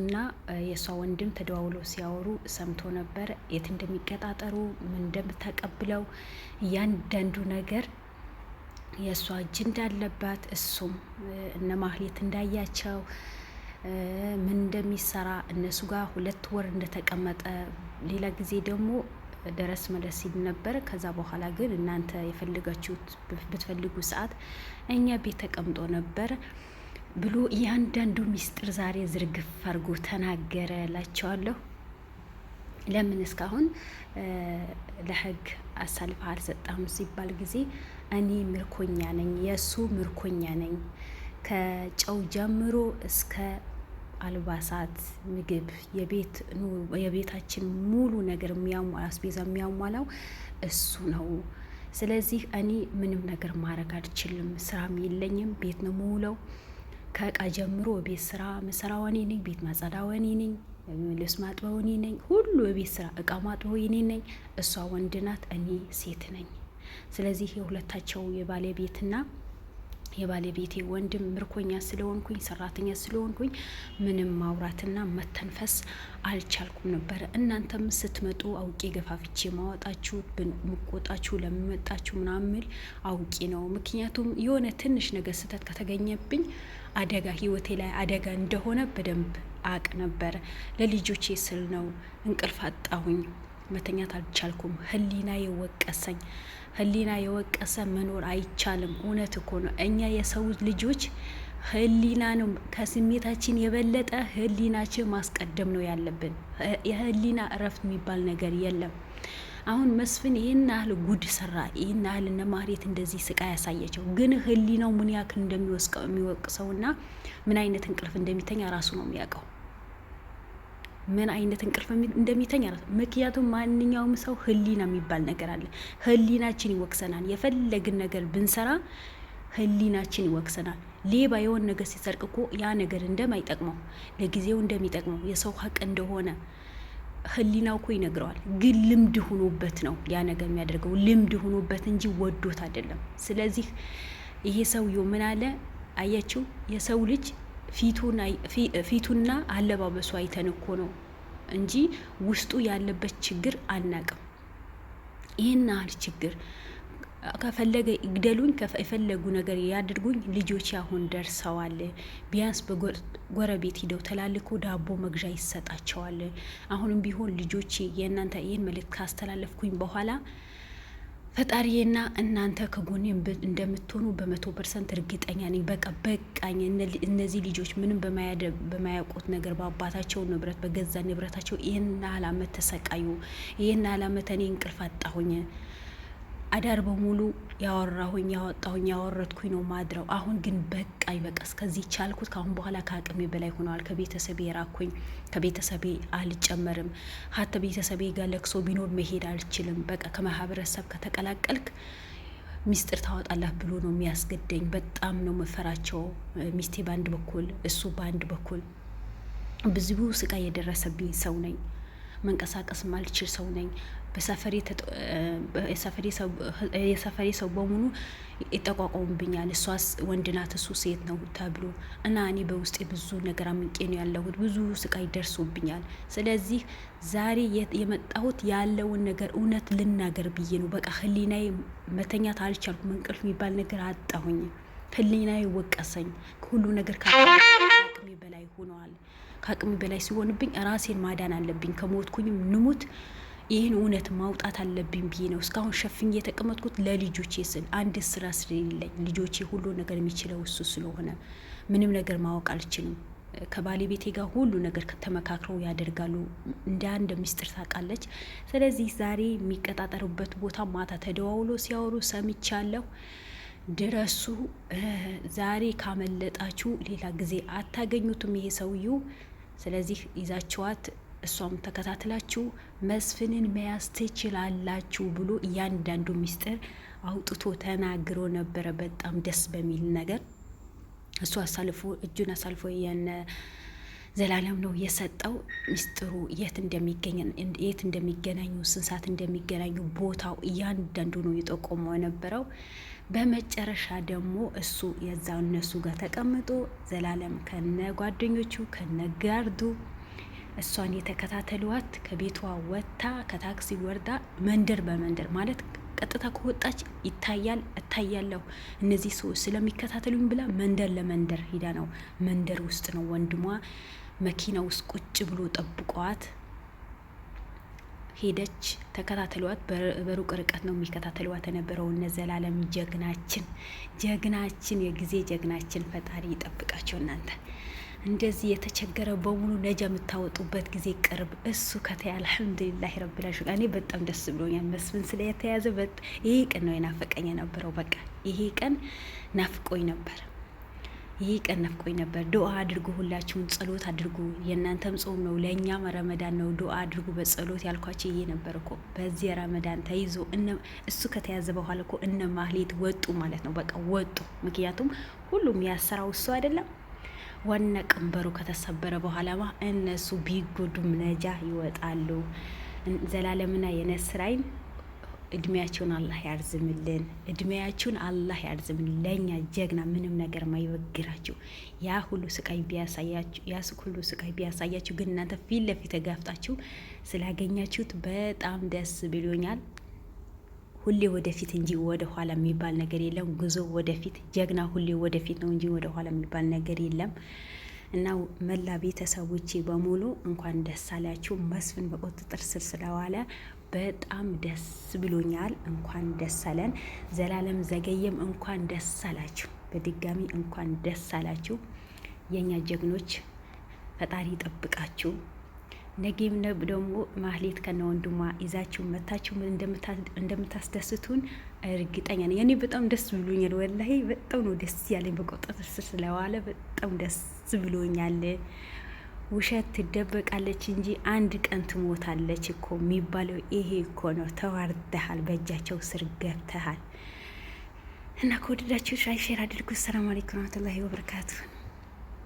እና የእሷ ወንድም ተደዋውሎ ሲያወሩ ሰምቶ ነበር። የት እንደሚቀጣጠሩ ምን እንደምታቀብለው እያንዳንዱ ነገር የእሷ እጅ እንዳለባት እሱም እነ ማህሌት እንዳያቸው ምን እንደሚሰራ እነሱ ጋር ሁለት ወር እንደተቀመጠ ሌላ ጊዜ ደግሞ ደረስ መለስ ሲል ነበር። ከዛ በኋላ ግን እናንተ የፈለጋችሁት ብትፈልጉ ሰዓት እኛ ቤት ተቀምጦ ነበር። ብሎ እያንዳንዱ ሚስጥር ዛሬ ዝርግፍ አድርጎ ተናገረ ላቸዋለሁ። ለምን እስካሁን ለህግ አሳልፈ አልሰጣም ሲባል ጊዜ እኔ ምርኮኛ ነኝ፣ የእሱ ምርኮኛ ነኝ። ከጨው ጀምሮ እስከ አልባሳት፣ ምግብ፣ የቤታችን ሙሉ ነገር አስቤዛ የሚያሟላው እሱ ነው። ስለዚህ እኔ ምንም ነገር ማድረግ አልችልም። ስራም የለኝም፣ ቤት ነው የምውለው። ከእቃ ጀምሮ ቤት ስራ መሰራው ወኔ ነኝ። ቤት ማጸዳው ወኔ ነኝ። ልብስ ማጥበ ወኔ ነኝ። ሁሉ የቤት ስራ እቃ ማጥበ ወኔ ነኝ። እሷ ወንድ ናት፣ እኔ ሴት ነኝ። ስለዚህ የሁለታቸው የባለቤትና የባለቤቴ ወንድም ምርኮኛ ስለሆንኩኝ ሰራተኛ ስለሆንኩኝ ምንም ማውራትና መተንፈስ አልቻልኩም ነበረ። እናንተም ስትመጡ አውቄ ገፋፍቼ ማወጣችሁ ምቆጣችሁ ለምመጣችሁ ምናምል አውቄ ነው። ምክንያቱም የሆነ ትንሽ ነገር ስህተት ከተገኘብኝ አደጋ ህይወቴ ላይ አደጋ እንደሆነ በደንብ አቅ ነበረ። ለልጆቼ ስል ነው እንቅልፍ አጣሁኝ። መተኛት አልቻልኩም። ህሊና የወቀሰኝ ህሊና የወቀሰ መኖር አይቻልም። እውነት እኮ ነው። እኛ የሰው ልጆች ህሊና ነው ከስሜታችን የበለጠ ህሊናችን ማስቀደም ነው ያለብን። የህሊና እረፍት የሚባል ነገር የለም። አሁን መስፍን ይህን ያህል ጉድ ስራ ይህን ያህል እነ ማህሌት እንደዚህ ስቃይ ያሳየቸው፣ ግን ህሊናው ምን ያክል እንደሚወቅሰውና ምን አይነት እንቅልፍ እንደሚተኛ ራሱ ነው የሚያውቀው። ምን አይነት እንቅልፍ እንደሚተኝ አላት። ምክንያቱም ማንኛውም ሰው ህሊና የሚባል ነገር አለ። ህሊናችን ይወቅሰናል። የፈለግን ነገር ብንሰራ ህሊናችን ይወቅሰናል። ሌባ የሆን ነገር ሲሰርቅ እኮ ያ ነገር እንደማይጠቅመው ለጊዜው እንደሚጠቅመው የሰው ሀቅ እንደሆነ ህሊናው እኮ ይነግረዋል። ግን ልምድ ሆኖበት ነው ያ ነገር የሚያደርገው ልምድ ሆኖበት እንጂ ወዶት አይደለም። ስለዚህ ይሄ ሰውየው ምን አለ አያችው የሰው ልጅ ፊቱና አለባበሱ አይተን እኮ ነው እንጂ ውስጡ ያለበት ችግር አናቅም። ይህን ያህል ችግር ከፈለገ ይግደሉኝ፣ የፈለጉ ነገር ያድርጉኝ፣ ልጆች አሁን ደርሰዋል። ቢያንስ በጎረቤት ሂደው ተላልኮ ዳቦ መግዣ ይሰጣቸዋል። አሁንም ቢሆን ልጆቼ የእናንተ ይህን መልእክት ካስተላለፍኩኝ በኋላ ፈጣሪዬና እናንተ ከጎኔ እንደምትሆኑ በመቶ ፐርሰንት እርግጠኛ ነኝ። በቃ በቃኝ። እነዚህ ልጆች ምንም በማያውቁት ነገር በአባታቸው ንብረት በገዛ ንብረታቸው ይህን ያህል ዓመት ተሰቃዩ። ይህን ያህል ዓመት እኔ እንቅልፍ አጣሁኝ። አዳር በሙሉ ያወራሁኝ ያወጣሁኝ ያወረድኩኝ ነው ማድረው። አሁን ግን በቃ በቃ እስከዚህ ቻልኩት። ከአሁን በኋላ ከአቅሜ በላይ ሆነዋል። ከቤተሰቤ የራኩኝ፣ ከቤተሰቤ አልጨመርም። ሀተ ቤተሰቤ ጋር ለቅሶ ቢኖር መሄድ አልችልም። በቃ ከማህበረሰብ ከተቀላቀልክ ሚስጥር ታወጣላት ብሎ ነው የሚያስገደኝ። በጣም ነው መፈራቸው። ሚስቴ በአንድ በኩል እሱ በአንድ በኩል ብዙ ስቃይ የደረሰብኝ ሰው ነኝ። መንቀሳቀስ ማልችል ሰው ነኝ። የሰፈሬ ሰው በሙሉ ይጠቋቋሙብኛል። እሷስ ወንድ ናት፣ እሱ ሴት ነው ተብሎ እና እኔ በውስጤ ብዙ ነገር አምቄ ነው ያለሁት። ብዙ ስቃይ ደርሶብኛል። ስለዚህ ዛሬ የመጣሁት ያለውን ነገር እውነት ልናገር ብዬ ነው። በቃ ህሊናዬ መተኛት አልቻልኩም። እንቅልፍ የሚባል ነገር አጣሁኝ። ህሊናዬ ወቀሰኝ። ሁሉ ነገር ከአቅሜ በላይ ሆነዋል። ከአቅሜ በላይ ሲሆንብኝ ራሴን ማዳን አለብኝ። ከሞትኩኝም ንሙት ይህን እውነት ማውጣት አለብኝ ብዬ ነው እስካሁን ሸፍኝ የተቀመጥኩት ለልጆቼ ስል አንድ ስራ ስለሌለኝ ልጆቼ ሁሉ ነገር የሚችለው እሱ ስለሆነ ምንም ነገር ማወቅ አልችልም። ከባለቤቴ ጋር ሁሉ ነገር ተመካክረው ያደርጋሉ። እንደ አንድ ሚስጥር ታውቃለች። ስለዚህ ዛሬ የሚቀጣጠሩበት ቦታ ማታ ተደዋውሎ ሲያወሩ ሰምቻለሁ። ድረሱ። ዛሬ ካመለጣችሁ ሌላ ጊዜ አታገኙትም። ይሄ ሰውዬው ስለዚህ ይዛችኋት እሷም ተከታትላችሁ መስፍንን መያዝ ትችላላችሁ ብሎ እያንዳንዱ ሚስጥር አውጥቶ ተናግሮ ነበረ። በጣም ደስ በሚል ነገር እሱ አሳልፎ እጁን አሳልፎ የነ ዘላለም ነው የሰጠው። ሚስጥሩ የት እንደሚገናኙ ስንት ሰዓት እንደሚገናኙ ቦታው እያንዳንዱ ነው የጠቆመው የነበረው። በመጨረሻ ደግሞ እሱ የዛው እነሱ ጋር ተቀምጦ ዘላለም ከነ ጓደኞቹ ከነ ጋርዱ እሷን የተከታተሏት ከቤቷ ወጥታ ከታክሲ ወርዳ መንደር በመንደር ማለት ቀጥታ ከወጣች ይታያል እታያለሁ እነዚህ ሰዎች ስለሚከታተሉኝ ብላ መንደር ለመንደር ሂዳ ነው። መንደር ውስጥ ነው ወንድሟ መኪና ውስጥ ቁጭ ብሎ ጠብቋት ሄደች ተከታተሏት። በሩቅ ርቀት ነው የሚከታተሏት የነበረው እነ ዘላለም ጀግናችን፣ ጀግናችን፣ የጊዜ ጀግናችን። ፈጣሪ ይጠብቃቸው እናንተ እንደዚህ የተቸገረ በሙሉ ነጃ የምታወጡበት ጊዜ ቅርብ። እሱ ከተያ አልሐምዱሊላህ ረብላሽ። እኔ በጣም ደስ ብሎኛል መስፍን የተያዘ። ይሄ ቀን ነው የናፈቀኝ የነበረው። በቃ ይሄ ቀን ናፍቆኝ ነበር። ይህ ቀነፍቆኝ ነበር። ዱአ አድርጉ፣ ሁላችሁን ጸሎት አድርጉ። የእናንተም ጾም ነው፣ ለእኛም ረመዳን ነው። ዱአ አድርጉ በጸሎት ያልኳቸው ይሄ ነበር እኮ። በዚህ ረመዳን ተይዞ እሱ ከተያዘ በኋላ እኮ እነ ማህሌት ወጡ ማለት ነው። በቃ ወጡ። ምክንያቱም ሁሉም ያሰራው እሱ አይደለም። ዋና ቀንበሩ ከተሰበረ በኋላማ እነሱ ቢጎዱም ነጃ ይወጣሉ። ዘላለምና የነስራይን እድሜያችሁን አላህ ያርዝምልን። እድሜያችሁን አላህ ያርዝምልን። ለእኛ ጀግና ምንም ነገር ማይበግራችሁ ያ ሁሉ ስቃይ ቢያሳያችሁ ያ ሁሉ ስቃይ ቢያሳያችሁ ግን እናንተ ፊት ለፊት ተጋፍጣችሁ ስላገኛችሁት በጣም ደስ ብሎኛል። ሁሌ ወደፊት እንጂ ወደ ኋላ የሚባል ነገር የለም። ጉዞ ወደፊት ጀግና ሁሌ ወደፊት ነው እንጂ ወደ ኋላ የሚባል ነገር የለም። እና መላ ቤተሰቦቼ በሙሉ እንኳን ደስ አላችሁ። መስፍን በቁጥጥር ስር ስለዋለ በጣም ደስ ብሎኛል። እንኳን ደስ አለን። ዘላለም ዘገየም እንኳን ደስ አላችሁ። በድጋሚ እንኳን ደስ አላችሁ የእኛ ጀግኖች፣ ፈጣሪ ይጠብቃችሁ። ነገም ነብ ደግሞ ማህሌት ከነ ወንድሟ ይዛችሁ መታችሁ እንደምታስደስቱን እርግጠኛ ነኝ። እኔ በጣም ደስ ብሎኛል፣ ወላሂ በጣም ነው ደስ ያለኝ። በቁጥጥር ስር ስለዋለ በጣም ደስ ብሎኛል። ውሸት ትደበቃለች እንጂ አንድ ቀን ትሞታለች እኮ የሚባለው ይሄ እኮ ነው። ተዋርደሃል፣ በእጃቸው ስር ገብተሃል። እና ከወደዳችሁ ሻይ ሼር አድርጉ። ሰላም አለይኩም ወረህመቱላሂ ወበረካቱሁ።